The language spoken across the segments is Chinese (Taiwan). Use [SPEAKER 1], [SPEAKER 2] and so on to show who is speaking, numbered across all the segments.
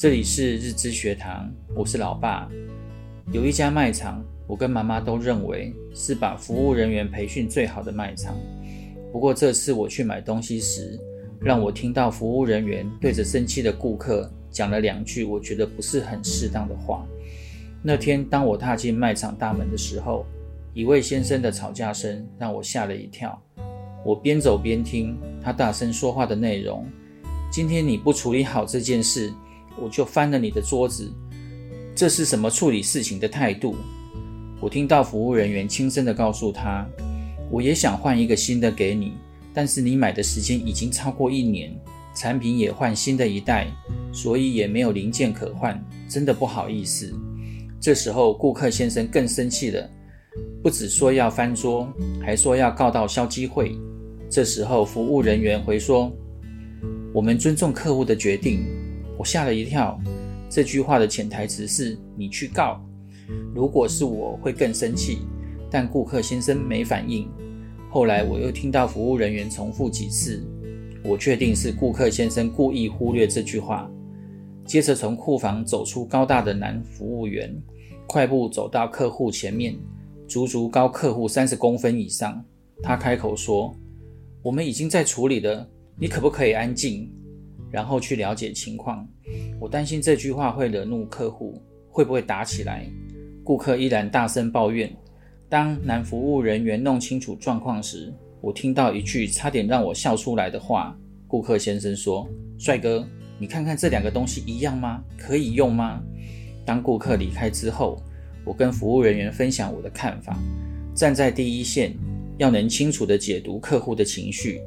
[SPEAKER 1] 這裡是日之學堂，我是老爸。有一家賣場，我跟媽媽都認為是把服務人員培訓最好的賣場。不過這次我去買東西時，讓我聽到服務人員對着生氣的顧客講了兩句我覺得不是很適當的話。那天當我踏進賣場大門的時候，一位先生的吵架聲讓我嚇了一跳。我邊走邊聽他大聲說話的內容。今天你不處理好這件事。我就翻了你的桌子，這是什麼處理事情的態度？我聽到服務人員輕聲地告訴他：“我也想換一個新的給你，但是你買的時間已經超過一年，產品也換新的一代，所以也沒有零件可換，真的不好意思。”這時候，顧客先生更生氣了，不只說要翻桌，還說要告到消基會。這時候，服務人員回說：“我們尊重客戶的決定。”我嚇了一跳，這句話的潛台詞是你去告。如果是我，會更生氣。但顧客先生沒反應。後來我又聽到服務人員重複幾次，我確定是顧客先生故意忽略這句話。接着從庫房走出高大的男服務員，快步走到客戶前面，足足高客戶三十公分以上。他開口說：“我們已經在處理了，你可不可以安靜？”然後去了解情況，我擔心這句話會惹怒客戶，會不會打起來？顧客依然大聲抱怨。當男服務人員弄清楚狀況時，我聽到一句差點讓我笑出來的話：“顧客先生說，帥哥，你看看這兩個東西一樣嗎？可以用嗎？”當顧客離開之後，我跟服務人員分享我的看法：站在第一線，要能清楚地解讀客戶的情緒，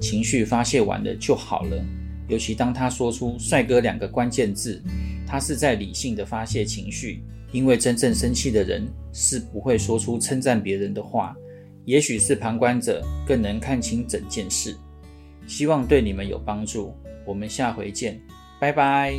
[SPEAKER 1] 情緒發洩完了就好了。尤其當他說出“帥哥”兩個關鍵字，他是在理性的發洩情緒。因為真正生氣的人是不會說出稱讚別人的話。也許是旁觀者更能看清整件事。希望對你們有幫助。我們下回見，拜拜。